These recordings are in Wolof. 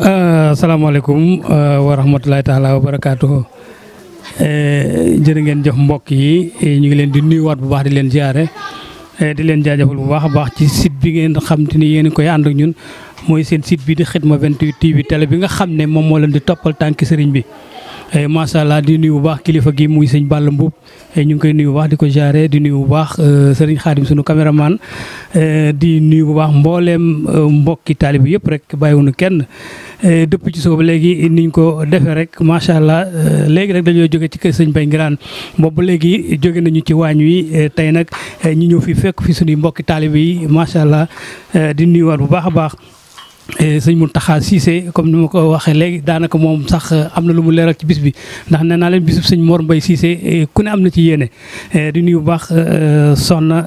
Euh, asalaamaaleykum euh, wa rahmatulahi taala wa barakaatuhu euh, jërë ngeen jëf mbokk yi ñu ngi leen di nuyuwaat bu baax di leen ziare di leen jaajëfal bu baax a baax ci site bi ngeen xam te ni yéen koy ànd ak ñun mooy seen site bi di Khidma 28 TV télé bi nga xam ne moom moo leen di toppal tànki sëriñ bi. Eh, macha allah di nuyu bu baax kilifa gi muy sëñ Balla Mbuub eh, ñu ngi koy nuyu bu baax di ko jaaree di nuyu bu baax eh, sëriñ Xaadim sunu caméraman di nuyu bu baax mbooleem mbokki taalib yëpp rek bàyyiwunu kenn dëpp ci suba ba léegi niñ ko defee rek macha allah léegi rek dañoo jóge ci kër sëñ Bay Ngiraan boobu léegi jóge nañu ci waañ wi tey nag ñu ñëw fi fekk fi sunuy mbokki taalib yi macha allah di nuyuwaat bu baax a baax suñ eh, sëñ Mountakha Cissé comme ni ma ko waxee léegi daanaka moom sax eh, am na lu mu leeral ci bis bi ndax nee naa leen bisub sëñ Mor Mbaye Cissé eh, ku ne am na ci yéene di nuyu bu baax soxna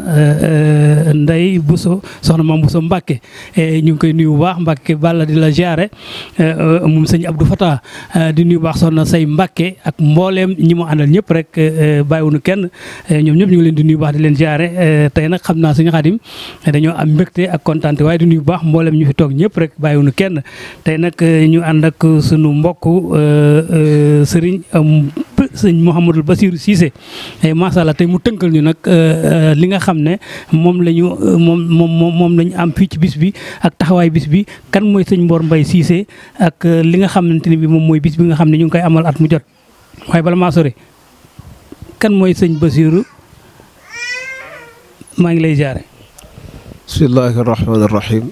Ndeye Bousso soxna maam Bousso Mbacke ñu ngi koy nuyu bu baax Mbacke Balla di la jaare moom sëñ Abdou Fata di nuyu bu baax soxna say Mbacke ak mbooleem ñi mu àndal ñëpp rek bàyyiwunu kenn ñoom ñëpp ñu ngi leen di nuyu bu baax di leen jaare tey nag xam naa sëñ Xaadim dañoo am mbégte ak kontaan waaye di nuyu baax mbooleem ñu fi toog ñëpp rek rek bàyyiwunu kenn tey nag euh, ñu ànd ak sunu mbokk euh, euh, sëriñ sëñ Mouhamadul Bassirou Cissé eh, macha allah tey mu tënkal ñu nag li nga xam ne moom lañu ñu moom moom moom la ñu am fii ci bis bi ak taxawaay bis bi kan mooy sëñ Mor mbay Cissé ak li nga xamante ne bi moom mooy bis bi nga xam ne ñu ngi koy amal at mu jot waaye bala maa sori kan mooy sëñ Bassirou maa ngi lay jaare bismillahi rahmaani rahim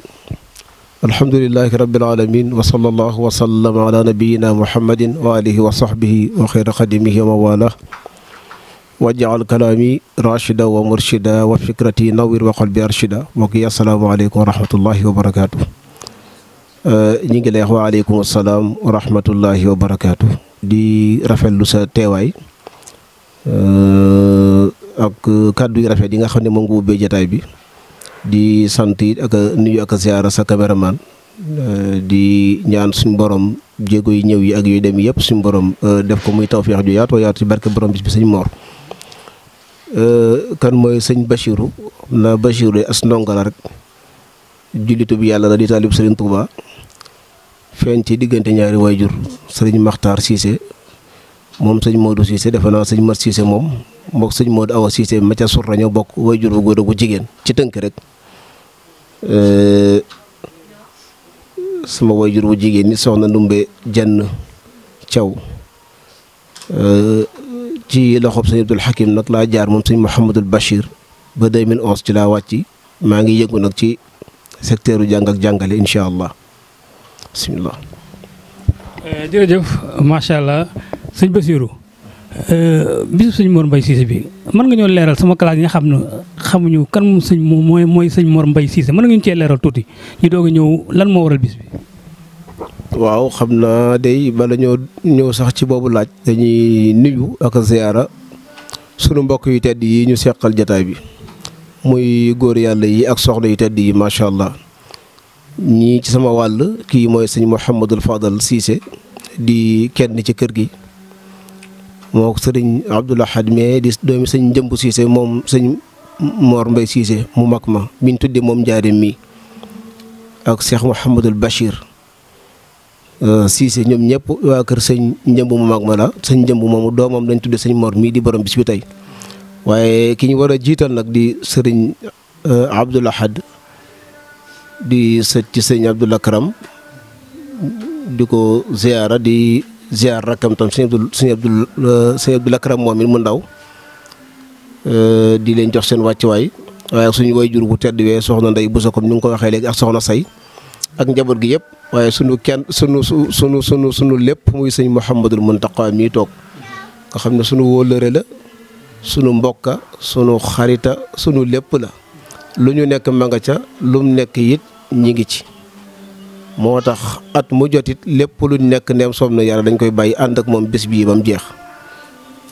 alhamdulilahi rabbil alamin wa sallallahu wa sallama ala nabiyina muhammadin wa alihi wa sahbihi wa xayra xadimihi wa mawala wa jaal kalaami rachida wa murshida wa fikrati nawir wa qalbi arshida mbokk yi asalaamaaleykum wa rahmatullahi wa barakaatu uh, ñu ngi lay wax waaleykum asalaam wa rahmatullahi wa barakaatu di rafetlu sa teewaay uh, ak kàddu yu rafet yi nga xam ne moom nga ubbee jataay bi di sant it ak a nuyu ak a ziara sa caméraman euh, di ñaan suñ borom jéego yi ñëw yi ak yooyu dem yëpp suñ borom euh, def ko muy taw tawféex ju yaatu yaatu ci barke borom bis bi sëñ Mor. Euh, kan mooy sëñ Bachirou na Bachirou as ndongo la rek jullitu bi yàlla la di taalib Serigne Touba feeñ ci diggante ñaari waajur Serigne Makhtar Cissé. moom sëñ Modou Cissé defe naa sëñ Mat Cissé moom mook sëñ Modou Awa Cissé ma ca sur rañoo bokk waajur bu góor ak bu jigéen ci tënk rek euh, sama waajur bu jigéen ni soxna Ndumbe Jenn Thiaw euh, ci loxob sëñ Abdul Hakim nag laa jaar moom sëñ Mouhamadul Bachir ba 2011 ci laa wàcc maa ngi yëngu nag ci secteur jàng ak jàngale incha allah bisimilah. Euh, sëñ Basiiru euh, bisu sëñ Mor mbay Cissé bi mën nga ñoo leeral sama classe yi nga xam ne xamuñu kan moom sëñ mooy mooy sëñ Mor mbay Cissé mën nga ñu cee leeral tuuti ñu doog ñëw lan moo waral bis bi. waaw xam naa day bala ñoo ñëw sax ci boobu laaj dañuy nuyu ak ziyaara sunu mbokk yu tedd yi ñu seqal jataay bi muy góor yàlla yi ak soxla yu tedd yi macha allah ñii ci sama wàll kii mooy sëñ Mouhamadul Fadal Cissé di kenn ci kër gi. moo sëriñ Abdoul Ahad mais di doomi sëñ Jëmb siise moom sëñ moor Mbay siise mu mag ma biñ tuddee moom njaareem mi ak Cheikh Mouhamadul Bachir euh, Cissé ñoom ñëpp waa kër sëñ Njëmb mu mag ma la sëñ Njëmb moomu doomam dañ tuddee sëñ moor mii di borom bis bi tey waaye ki ñu war a jiital nag di sëriñ euh, Abdoul Ahad di sët ci sëñ di ko ziyaara di ziar rakkam tam sëñ Abdou sëñ Abdou euh, sëñ moom it mu ndaw euh, di leen jox seen wàccuwaay waaye suñu suñu jur bu tedd wee soxna Ndey Bousso ko ni nga ko waxee léegi ak soxna Say ak njaboot gi yëpp waaye suñu kenn suñu su suñu suñu suñu lépp muy sëñ Mouhamadul Mountakha mii toog nga xam ne suñu wóolëre la sunu mbokka sunu xarita suñu lépp la lu ñu nekk ma nga ca lum nekk yit ñi ngi ci moo tax at mu jotit lépp luñ nekk ndeem soob na yàlla dañ koy bàyyi ànd ak moom bés bii ba mu jeex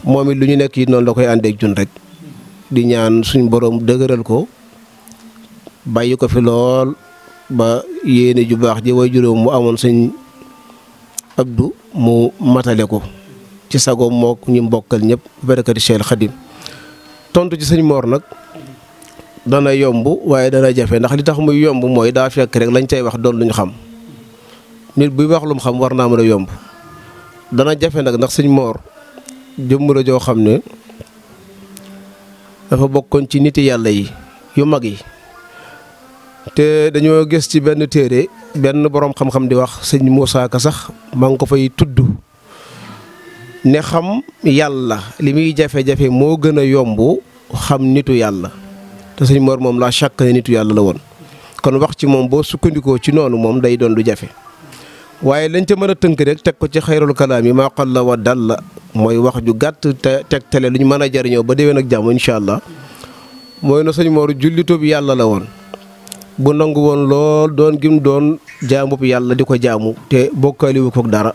moom it lu ñu nekk yi noonu la koy àndeek jun rek di ñaan suñ boroom dëgëral ko bàyyi ko fi lool ba yéene ju baax ji way juróom mu amoon sëñ Abdu mu matale ko ci sagoom mook ñu mbokkal ñëpp barakati Cheikh Khadim tontu ci sëñ Moor nag dana yomb waaye dana jafe ndax li tax muy yomb mooy daa fekk rek lañ cay wax doon luñ xam nit buy wax lu xam war naa mën a yomb dana jafe nag ndax sëñ moor jëmm joo xam ne dafa bokkoon ci niti yàlla yi yu mag yi te dañoo gis ci benn téere benn boroom xam-xam di wax sëñ Moussa Ka sax maa ko fay tudd ne xam yàlla li muy jafe-jafe moo gën a yomb xam nitu yàlla te sëñ moor moom laa chàkk ne nitu yàlla la woon kon wax ci moom boo sukkandikoo ci noonu moom day doon du jafe waaye lañ ca mën a tënk rek teg ko ci xayrul kalaam yi maa la wa la mooy wax ju gàtt te tegtale lu ñu mën a jariñoo ba déwén ak jàmm incha allah mooy na sëñ Mor jullitu yàlla la woon bu nangu woon lool doon gim doon jaamu bi yàlla di ko jaamu te bokkaaliwu ko dara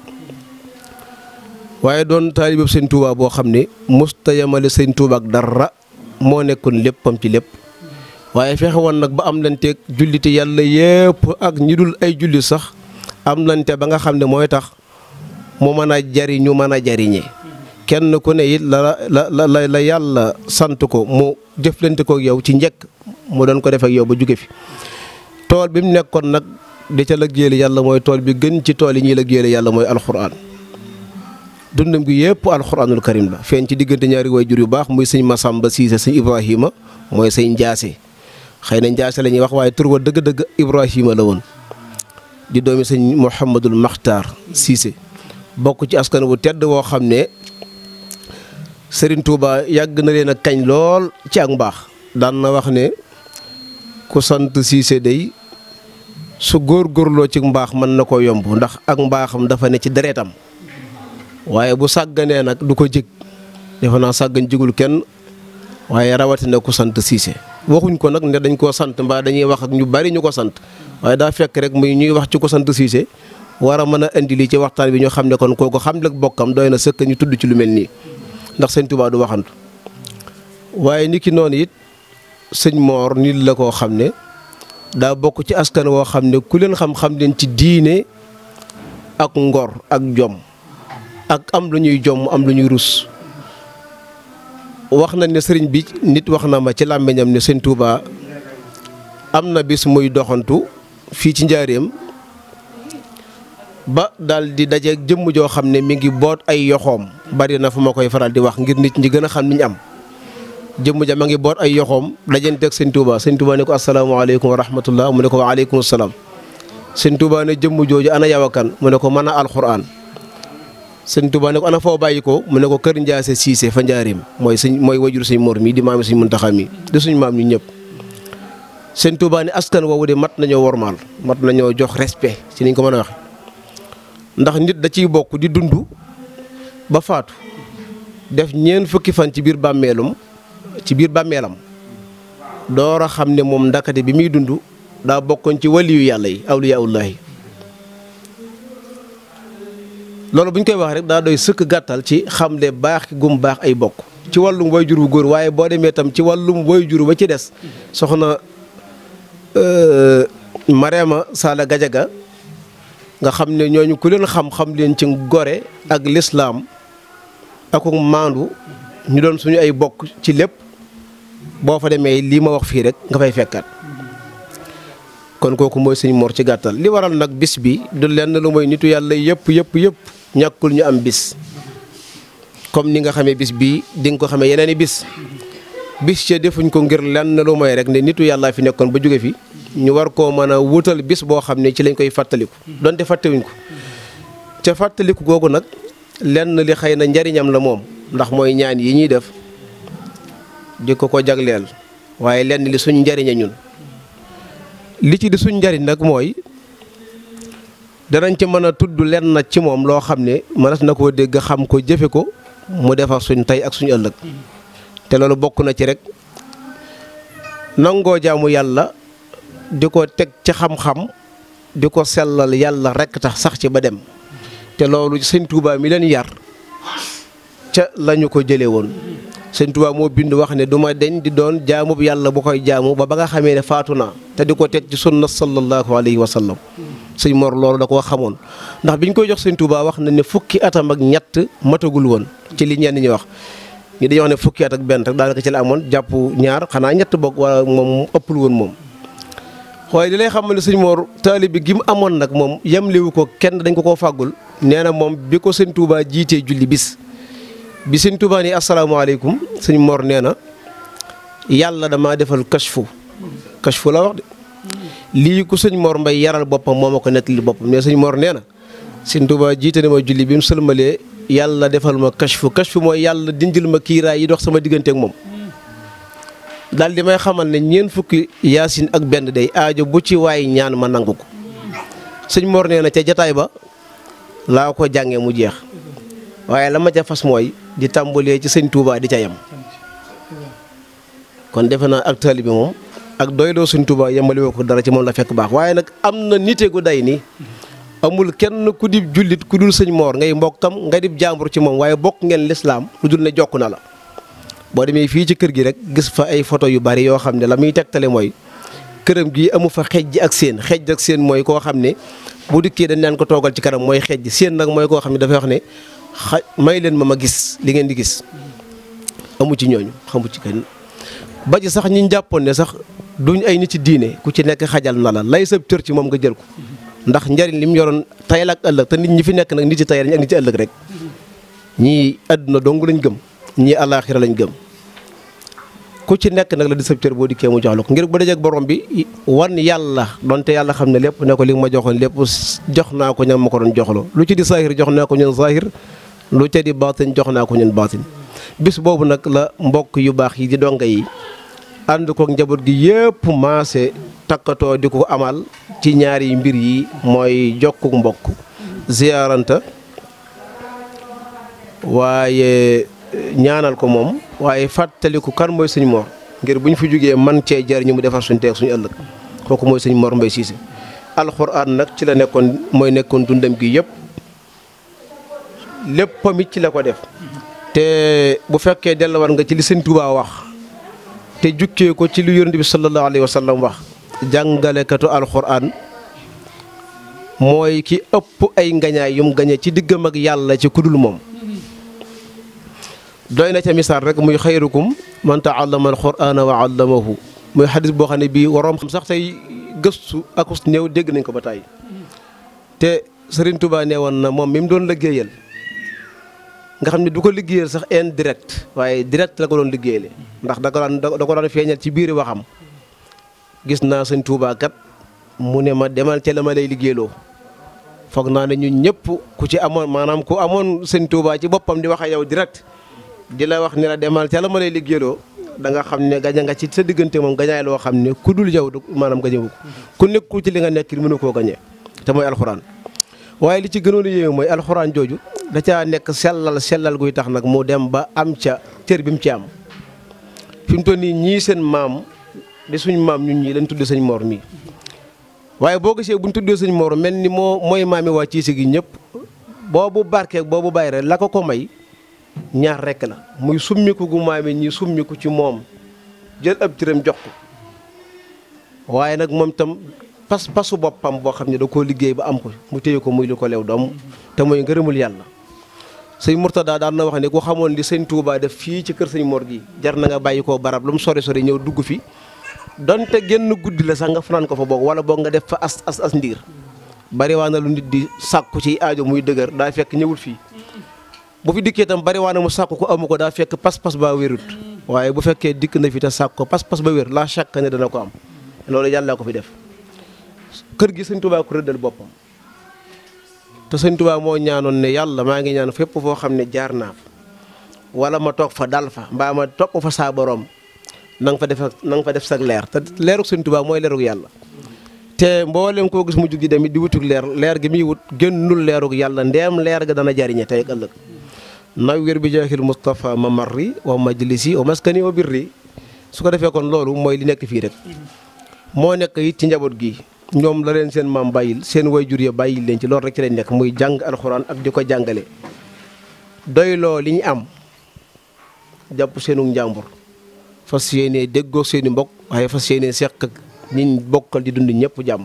waaye doon taalibeeb sëñ Tuubaa boo xam ne musta yamale sëñ Tuubaa ak dara moo nekkoon léppam ci lépp waaye fexe woon nag ba am lanteeg julliti yàlla yépp ak ñi dul ay julli sax am lante ba nga xam ne mooy tax mu mën a jariñu mën a jariñe kenn ku ne it la la la la yàlla sant ko mu jëflante ko yow ci njëkk mu doon ko def ak yow ba jóge fi tool bi mu nekkoon nag di ca liggéeyal yàlla mooy tool bi gën ci tool yi ñuy la liggéeyal yàlla mooy alxuraan dundam gi yëpp alxuraanul karim la feeñ ci diggante ñaari jur yu baax muy sëñ Masamba Siise sëñ Ibrahima mooy sëñ Njaase xëy na Njaase la ñuy wax waaye tur wa dëgg-dëgg Ibrahima la woon di doomi sëñ Mouhamadul Makhtar Cissé bokk ci askan wu tedd woo xam ne sëriñ Touba yàgg na leen a kañ lool ci ak mbaax daan na wax ne ku sant Cissé day su góorloo ci mbaax mën na ko yomb ndax ak mbaaxam dafa ne ci dereetam waaye bu sàgganee nag du ko jëg defe naa sàggan jigul kenn waaye rawatina ku sant Cissé waxuñ ko nag ne dañ koo sant mbaa dañuy wax ak ñu bari ñu ko sant waaye daa fekk rek muy ñuy wax ci ko sant Cissé war a mën a indi lii ci waxtaan bi ñu xam ne kon ko xam lek bokkam doy na sëkk ñu tudd ci lu mel nii ndax sëñ Tuubaa waxantu waaye ni ki noonu it sëñ Moor nit la koo xam ne daa bokk ci askan woo xam ne ku leen xam-xam leen ci diine ak ngor ak jom ak am lu ñuy jom am lu ñuy rus wax nañ ne sëriñ bi nit wax na ma ci làmbiñam ne sëñ Touba am na bis muy doxantu fii ci njaareem ba daal di dajeeg jëmm joo xam ne mi ngi boot ay yoxoom bari na fu ma koy faral di wax ngir nit ñi gën a xam ni ñu am jëmm ja ma ngi boot ay yoxoom dajanteeg sëñ Touba sëñ Touba ne ko asalaamaaleykum wa rahmatullah mu ne ko waaleykum salaam sëñ Touba ne jëmm jooju ana yaw mu ne ko mën a alxuraan sëñ Touba ne ko ana foo bàyyi ko mu ne ko kër Ndiassé Cissé fa njaareem mooy sëñ mooy wajur sëñ Mor mii di maam sëñ Muntaxa mi di suñ maam ñu ñëpp sëñ Touba ne askan woowu de mat nañoo wormaal mat nañoo jox respe ci niñ ko mën a waxee ndax nit da ciy bokk di dund ba faatu def ñeent fukki fan ci biir bàmmeelum ci biir bàmmeelam door a xam ne moom ndakate bi muy dund daa bokkoon ci waliyu yàlla yi awliyaawullaahi loolu bu ñu koy wax rek daa doy sëkk gàttal ci xam ne baax gum baax ay bokk ci wàllum way juru bu góor waaye boo demee tam ci wàllum way jur ba ci des soxna euh, Mariama Sala Gajaga nga xam ne ñooñu ku leen xam-xam leen ci gore ak lislaam ak maandu ñu doon suñu ay bokk ci lépp boo fa demee lii ma wax fii rek nga fay fekkaat kon kooku mooy sëñ Mor ci gàttal li waral nag bis bi du lenn lu mooy nitu yàlla yëpp yëpp yëpp ñàkkul ñu am bis comme ni nga xamee bis bii dinga nga ko xamee yeneen i bis bis ca defuñ ko ngir lenn lu moy rek ne nitu yàllaa fi nekkoon ba jóge fi ñu war koo mën a wutal bis boo xam ne ci lañ koy fàttaliku donte fàttewuñ ko ca fàttaliku googu nag lenn li xëy na njariñam la moom ndax mooy ñaan yi ñuy def di ko ko jagleel waaye lenn li suñ njariña ñun li ci di suñ njariñ nag mooy danañ ci mën a tudd lenn na ci moom loo xam ne mënees na koo dégg xam ko jëfe ko mu defar suñ tey ak suñu ëllëg te loolu bokk na ci rek nangoo jaamu yàlla di ko teg ci xam-xam di ko sellal yàlla rek tax sax ci ba dem te loolu sëñ Tuubaa mi leen yar ca lañu ko jële woon sëñ Tuubaa moo bind wax ne du ma deñ di doon jaamub yàlla bu koy jaamu ba ba nga xamee ne faatu naa te di ko teg ci sunna sallallahu alayhi wa sallam sëñ Mor loolu da xamoon ndax biñ koy jox sëñ Tuubaa wax na ne fukki atam ak ñett matagul woon ci li ñenn ñi wax ñi dañuy wax ne fukki at ak benn rek daanaka ci la amoon jàppu ñaar xanaa ñett bokk wala moom ëppul woon moom waaye di lay xam ne sëñ Mor taalib bi gi mu amoon nag moom yemliwu ko kenn dañ ko koo fàggul nee na moom bi ko sëñ Tuubaa jiitee julli bis bi sëñ Tuubaa ni asalaamaaleykum sëñ Mor nee na yàlla damaa defal kashfu kashfu la wax de lii ku sëñ Mor Mbay yaral boppam moom ma ko nettali boppam mais sëñ Mor nee na sëñ Tuubaa jiite na ma julli bi mu sëlmalee yàlla defal ma kashfu kashfu mooy yàlla dindil ma kiiraay yi dox sama diggante moom. daal di may xamal ne ñeent fukki yaasin ak benn day aajo bu ci waay ñaan ma nangu ko sëñ Mor nee na ca jataay ba laa ko jàngee mu jeex. waaye la ma ca fas mooy di tàmbalee ci sëñ tuubaa di ca yem kon defe naa ak taalibe bi moom ak doyloo sëñ Touba yemale ko dara ci moom la fekk baax waaye nag am na nite day nii amul kenn ku di jullit ku dul sëñ Moor ngay mbokkam nga di jàmbur ci moom waaye bokk ngeen lislaam lu dul ne jokk na la boo demee fii ci kër gi rek gis fa ay photo yu bari yoo xam ne la muy tegtale mooy këram gi amu fa xej ji ak seen xej ak seen mooy koo xam ne bu dañ naan ko toogal ci kanam mooy xej ji seen mooy koo xam ne dafay wax ne xa may leen ma ma gis li ngeen di gis amu ci ñooñu xamu ci kenn ba ci sax ñi jàppoon ne sax duñ ay nit ci diine ku ci nekk xajal na la lay sab cër ci moom nga jël ko ndax njariñ li mu yoroon tayal ak ëllëg te nit ñi fi nekk nag nit ci tayal ak nit ci ëllëg rek ñii àdduna dong lañ gëm ñii alaaxira lañ gëm ku ci nekk nag la di sab boo dikkee mu jox ko ngir bu dajeeg borom bi wan yàlla donte yàlla xam ne lépp ne ko li nga ma joxoon lépp jox naa ko ñam ma ko doon joxloo lu ci di saahir jox naa ko ñun lu ca di baatin jox naa ko ñun baatin bis boobu nag la mbokk yu baax yi di donga yi ànd ko njaboot gi yëpp maase takkatoo di ko amal ci ñaari mbir yi mooy jokku mbokk ziyaaranta waaye ñaanal ko moom waaye fàttaliku kan mooy sëñ moor ngir bu ñu fi jógee man cee jariñu mu defar suñ teeg suñu ëllëg kooku mooy sëñ Mor Mbay Siise alxuraan nag ci la nekkoon mooy nekkoon dundam gi yëpp léppam it ci la ko def te bu fekkee delluwaat nga ci li sëñ Tuubaa wax te jukkee ko ci lu yonent bi sallallahu alayhi wa sallam wax jàngalekatu alxuraan mooy ki ëpp ay ngañaay yum gañe ci diggam ak yàlla ci kudul moom doy na ca misaal rek muy xayrukum man taallama alqurana wa allamahu muy xadis boo xam ne bii waroom xam sax tey gëstu akus néew dégg nañ ko ba tàyyi te Sëriñ Tuubaa nee woon na moom mi mu doon liggéeyal nga xam ne du ko liggéeyal sax en direct waaye direct la ko doon liggéeyale ndax da ko daan da ko daan feeñal ci biir waxam gis naa sëñ Tuubaa kat mu ne ma demal ca la ma lay liggéeyloo foog naa ne ñu ñëpp ku ci amoon maanaam ku amoon sëñ Tuubaa ci boppam di wax ak yow direct di la wax ne la demal ca la ma lay liggéeyloo da nga xam ne gaña nga ci sa diggante moom gañaay loo xam ne ku dul yow maanaam gañewu ko ku nekku ci li nga nekk mënu koo gañe te mooy alxuraan waaye li ci gënoon a yéeme mooy alxuraan jooju da caa nekk sellal sellal guy tax nag mu dem ba am ca tër bi mu ci am fi mu nii ñii seen maam de suñ maam ñu ñii lañ tuddee sëñ Mor mii waaye boo gisee buñ tuddee sëñ Mor mel ni moo mooy maami waa Ciise gi ñëpp boobu barkee boobu bàyyi rek la ko ko may ñaar rekk la muy summiku gu maami ñi summiku ci moom jël ab cëram jox ko waaye nag moom tam pas pasu boppam boo xam ne da koo liggéey ba am ko mu téye ko muy lu ko lew doom te mooy ngërëmul yàlla sëñ Mourtada daan na wax ne ku xamoon li sëñ def fii ci kër sëñ Mor gi jar na nga bàyyi koo barab lu mu sori sori ñëw dugg fi donte génn guddi la sax nga ko fa boog wala boog nga def fa as as as ndiir bariwaa na lu nit di sàkku ci aajo muy dëgër daa fekk ñëwul fii bu fi dikkee itam bari waa na mu sàkku ko amu ko daa fekk pas-pas baa wérut waaye bu fekkee dikk na fi te sàkk ko pas-pas ba wér laa chaque ne dana ko am loolu yàlla ko fi def kër gi sëñ Tuubaa ko rëddal boppam te sëñ Tuubaa moo ñaanoon ne yàlla maa ngi ñaan fépp foo xam ne jaar naa fa wala ma toog fa dal fa mbaa ma topp fa saa borom na nga fa def na nga fa def sag leer te leerug sëñ Tuubaa mooy leerug yàlla te mboolem koo gis mujj gi demit di wutug leer leer gi muy wut génnul leerug yàlla ndeem leer gi dana jariñe tey ëllëg nawwir bi jaaxil Moustapha mamarri wa majlisi wa maskani wa birri su ko defee kon loolu mooy li nekk fii rek nekk it ci njaboot gi ñoom la leen seen maam bàyyil seen wayjur ya bàyyil leen ci loolu rek ci lañ nekk muy jàng alxuraan ak di ko jàngale doyloo li ñu am jàpp seenu njàmbur fas yéenee déggoo seeni mbokk waaye fas yéenee seq ak ñi bokkal di dund ñëpp jàmm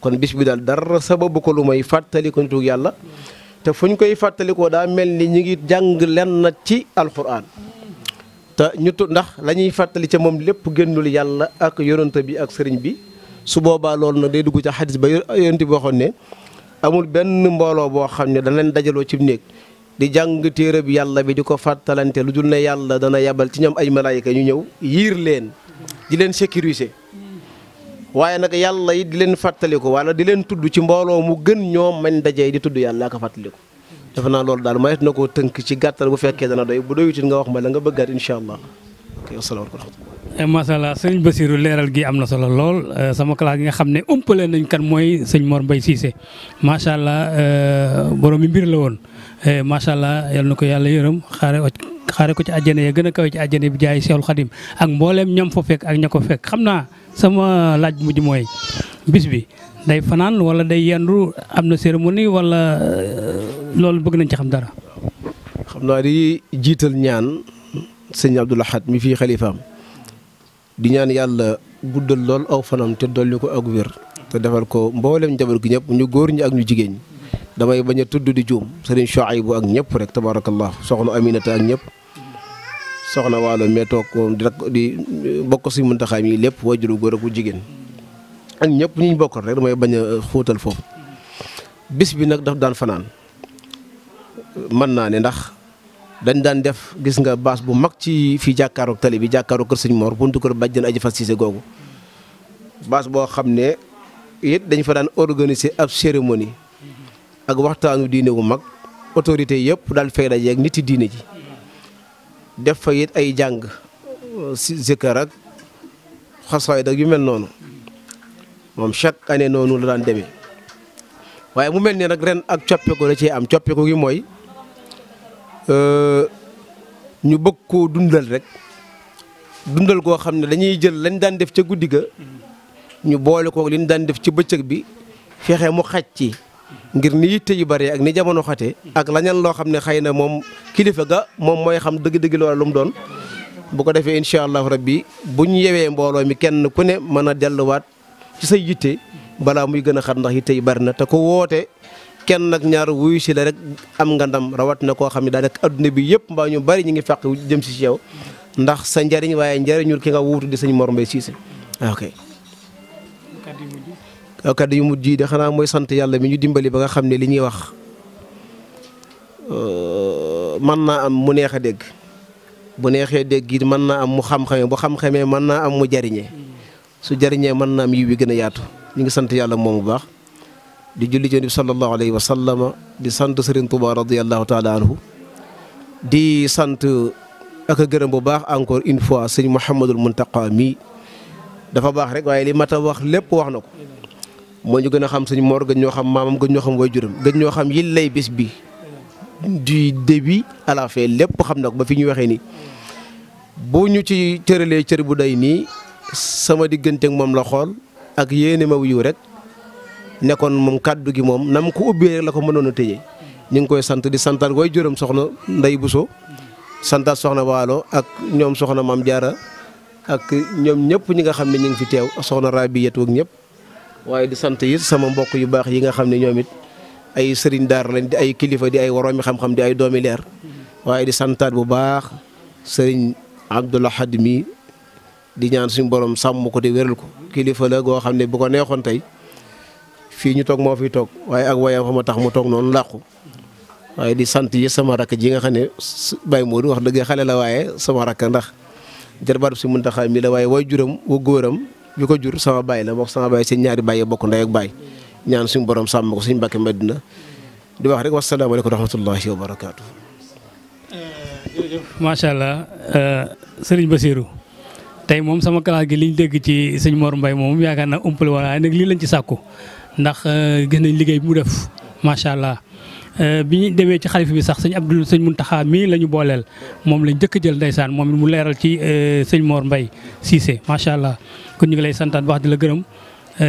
kon bis bi daal dara sababu ko lu may fàttali ko nitu yàlla te fu ñu koy fàttalikoo daa mel ni ñu ngi jàng lenn ci alxuraan te ñu tu ndax lañuy fàttali ci moom lépp génnul yàlla ak yonent bi ak sëriñ bi su boobaa loolu na day dugg ca xadis ba yonent boo xam ne amul benn mbooloo boo xam ne leen dajaloo ci néeg di jàng téere bi yàlla bi di ko fàttalante lu dul ne yàlla dana yabal ci ñoom ay malaayika ñu ñëw yiir leen di leen sécuriser waaye nag yàlla yi di leen fàttaliku wala di leen tudd ci mbooloo mu gën ñoom mañ dajee di tudd yàlla ak a fàttaliku def naa lool daal mayet na ko tënk ci gàttal bu fekkee dana doy bu doyutin nga wax ma la nga bëggaat incha allah ok wasalaamaaleykum Eh, macha allah sëñ Basiru leeral gi am na solo lool eh, sama classe gi nga xam ne umpale nañ kan mooy sëñ Mor bay Cissé macha allah eh, borom mi mbir la woon macha allah yal na ko yàlla yërëm xaare xaare ko ci àjjana ya gën a kawe ci àjjana bi jaay Seexul Xadim ak mbooleem ñoom fa fekk ak ña ko fekk xam naa sama laaj mujj mooy bis bi day fanaan wala day yendu am na cérémonie wala loolu bëgg nañ ci xam dara. xam naa di jiital ñaan sëñ Abdoul Ahad mi fii xalifaam di ñaan yàlla guddal lool aw fanam te dolli ko ak wér te defal ko mboolem njaboot gi ñëpp ñu góor ñi ak ñu jigéen damay bañ a tudd di juum ay Chouaïbou ak ñëpp rek tabarakallah soxna Aminata ak ñëpp soxna waalo mee toog moom di eh, bokk si mun muntaxaam yi lépp wajuru góor ak jigéen ak ñëpp ñu bokkal rek damay bañ eh, xóotal foofu bis bi nag daf daan fanaan mën naa ne ndax dañ daan def gis nga baas bu mag ci fii jàkkaaroog tali bi jàkkaaroog kër sëñ moor buntu kër bàjjen aji fas Cissé googu boo xam ne it dañ fa daan organiser ab cérémonie ak waxtaanu diine bu mag autorité yëpp daal fay dajeeg nit yi diine ji def fa it ay jàng si zikkar ak xasaayid dag yu mel noonu moom chaque année noonu la daan demee waaye mu mel ni nag ren ak coppeeku da cee am coppeeku gi mooy. Euh, ñu bëgg koo dundal rek dundal koo xam ne dañuy jël lañ daan def ca guddi ga ñu boole koog li ñu daan def ci bëccëg bi fexe mu xaj ci ngir ni yitte yu bare ak ni jamono xate ak lañan loo xam ne xëy na moom kilifa ga moom mooy xam dëgg-dëgg loola lu doon bu ko defee incha allahu rabbi bu ñu yewee mbooloo mi kenn ku ne mën a delluwaat ci say yitte balaa muy gën a xat ndax yitte yu bari na te ko woote kenn nag ñaar wuyu si la rek am nga ndam rawat na koo xam ne daanaka adduna bi yëpp mbaa ñu bari ñu ngi fàq jëm si si ndax sa njariñ waaye njariñul ki nga wuutu di sañ Mor siise Cissé ok. kaddu yu mu jii de xanaa mooy sant yàlla mi ñu dimbali ba nga xam ne li ñuy wax euh, mën naa am mu neex a dégg bu neexee dégg it mën naa am mu xam-xamee bu xam-xamee mën naa am mu jariñe su jariñee mën naa am yiw bi gën a yaatu ñu ngi sant yàlla moom bu baax. di julli ci nabi sallallahu alayhi wa sallama di sant Serigne Touba radiyallahu taala anhu di sant ak a gërëm bu baax encore une fois sëñ Mouhamadul Muntaqa mii dafa baax rek waaye li mat a wax lépp wax na ko moo ñu gën a xam sëñ Mor gën ñoo xam maamam gën ñoo xam waajuram gën ñoo xam yi lay bés bi di début à lépp xam na ko ba fi ñu waxee nii bu ñu ci cëralee cër bu day nii sama diggante ak moom la xool ak yéene ma wuyu rek. nekkoon moom kàddu gi moom nam ko ubbee rek la ko mënoon a tëjee ñu ngi koy sant di santaat way juróom soxna Ndey Buso santaat soxna Waalo ak ñoom soxna Maam Jaara ak ñoom ñëpp ñi nga xam ne ñu ngi fi teew soxna Rabiyatu ak ñëpp waaye di sant it sama mbokk yu baax yi nga xam ne ñoom it ay sëriñ daar lañ di ay kilifa di ay woroomi xam-xam di ay doomi leer waaye di santaat bu baax sëriñ Abdul Ahad mi di ñaan suñu borom sàmm ko di wéral ko kilifa la goo xam ne bu ko neexoon tey fii ñu toog moo fi toog waaye ak wayam xam tax mu toog noonu làqu waaye di sant yi sama rakk ji nga xam ne Baye Modou wax dëgg xale la waaye sama rakk ndax jarbaatu si Muntaxa mi la waaye way juram wu góoram bi ko jur sama baay la wax sama baay seen ñaari baay bokk ndey ak baay ñaan suñ borom sàmm ko suñu Mbàkke Madina di wax rek wasalaamaaleykum wa rahmatullahi wa barakaatu. jërëjëf macha euh, sëriñ Basirou tey moom sama classe gi liñ dégg ci sëñ moor Mbaye moom yaakaar naa umpale wala nag lii lañ ci sàkku. ndax euh, gis nañ liggéey bi mu def macha allah euh, bi ñu demee ci xalifa bi sax sëñ Abdul sëñ Muntaxa mii la ñu booleel moom lañ jëkk jël ndeysaan moom mu leeral ci euh, sëñ moor Mbay Cissé macha allah kon ñu ngi lay santaat baax di la gërëm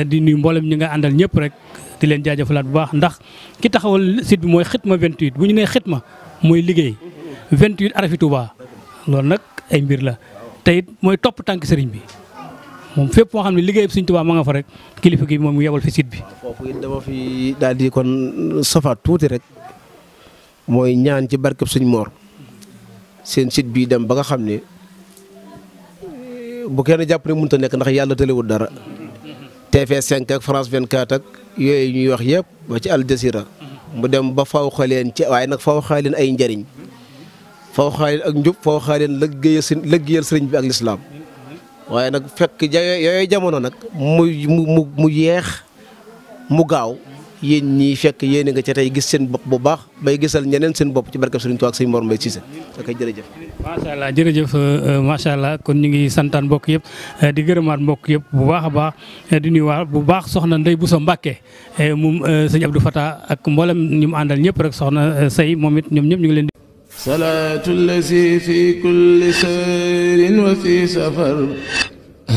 di nuyu mboolem ñi nga àndal ñëpp rek di leen jaajëfalaat bu baax ndax ki taxawal site bi mooy vingt 28 bu ñu nee ma mooy liggéey vingt 28 arafi Touba loolu nag ay mbir la te mooy topp tànk sëriñ bi. moom fépp moo xam ne liggéeyam Sëñ Tuubaa ma nga fa rek kilifa gi moom yebal fi site bi. foofu it dama daal di kon safaat tuuti rek mooy ñaan ci barkeb suñ Moor seen site bi dem ba nga xam ne bu kenn jàpp ne mënut a nekk ndax yàlla tëlewul dara TV5 ak France 24 ak yooyu ñuy wax yëpp ba ci Al Jazeera mu dem ba faw xaleen ci waaye nag faw xaleen ay njëriñ faw xaleen ak njub faw xaleen lëggéeyal sëriñ bi ak lislaam waaye nag fekk yooyu jamono nag mu mu mu yeex mu gaaw yéen ñii fekk yéen nga ca tey gis seen bopp bu baax bay gisal ñeneen seen bopp ci barkeb Sëriñ Tuubaa ak sëñ Mor Mbaye Cissé ak ay jërëjëf. macha allah jërëjëf euh, macha allah kon ñu ngi santaan mbokk yëpp euh, di gërëmaat mbokk yëpp bu baax a baax euh, di nuyuwaat bu baax soxna Ndeye Bousso Mbacke moom sëñ Abdou Fata ak mboolem ñu mu àndal ñëpp rek soxna say moom it ñoom ñëpp ñu ngi leen di. salaatu fi kulli sayrin wa fi safar